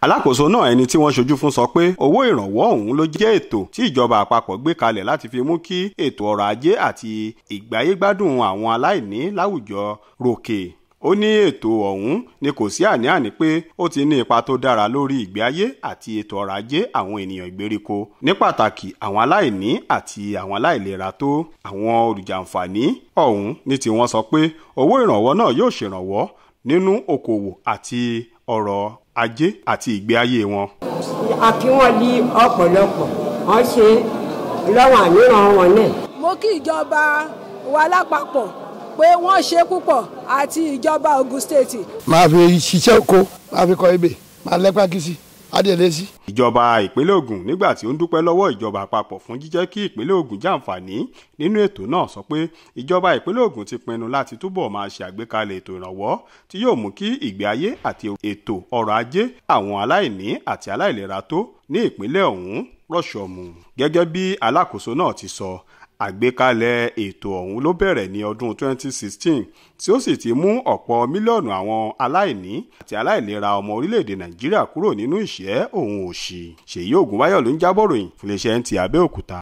alákòóso náà ẹni tí wọ́n ṣojú fún sọ pé owó ìrànwọ́ ọ̀hún ló jẹ́ ètò tí ìjọba àpapọ̀ gbé kalẹ̀ láti fi mú kí ètò ọrọ̀ ajé àti ìgbáyégbádùn àwọn aláìní láwùjọ ròkè ó ní ètò ọ̀hún ni kò sí àní-àní pé ó ti ní ipa tó dára lórí ìgbé ayé àti ètò ọrọ̀ ajé àwọn ènìyàn ìgbèríko ní pàtàkì àwọn aláìní àti àwọn aláìlera tó àwọn olùjàǹfààní ọ̀hún ní tiwọn sọ pé owó ìrànwọ́ náà yóò ṣèrànwọ́ nínú okòwò àti ọrọ̀ ajé àti ìgbé ayé wọn. àkí wọn di ọ̀pọ̀lọpọ̀ wọ́n ṣe lọ́wọ́ àníran wọn náà. mo kí ìjọba wa lápapọ̀ pé wọ́n ṣe púpọ̀ àti ìjọba Ògùn state. máa fi ṣiṣẹ́ oko máa fi kọ ebè máa lẹ́pàá kìsì adẹ̀lẹ́sí. ìjọba ìpínlẹ̀ Ògùn nígbà tí ó ń dúpẹ́ lọ́wọ́ ìjọba àpapọ̀ fún jíjẹ́ kí ìpínlẹ̀ Ògùn jàǹfààní nínú ètò náà sọ pé ìjọba ìpínlẹ̀ Ògùn ti pinnu láti túbọ̀ máa ṣe àgbékalẹ̀ ètò ìrànwọ́ tí yóò mú kí ìgbé ayé àti ètò ọrọ̀ ajé àwọn aláìní àti aláìlera tó ní ìpínlẹ̀ ọ̀hún rọ̀ṣọ̀mù gẹ́gẹ́ bí alákòóso náà ti sọ àgbékalẹ̀ ètò ọ̀hún ló bẹ̀rẹ̀ ní ọdún 2016 tí ó sì ti mú ọ̀pọ̀ mílíọ̀nù àwọn aláìní àti aláìlera ọmọ orílẹ̀-èdè nàìjíríà kúrò nínú ìṣẹ́ òun òṣì ṣèyí ògúnwáyọ̀ ló ń jábọ̀ ròyìn fún iléeṣẹ́ NTA Abẹ́òkúta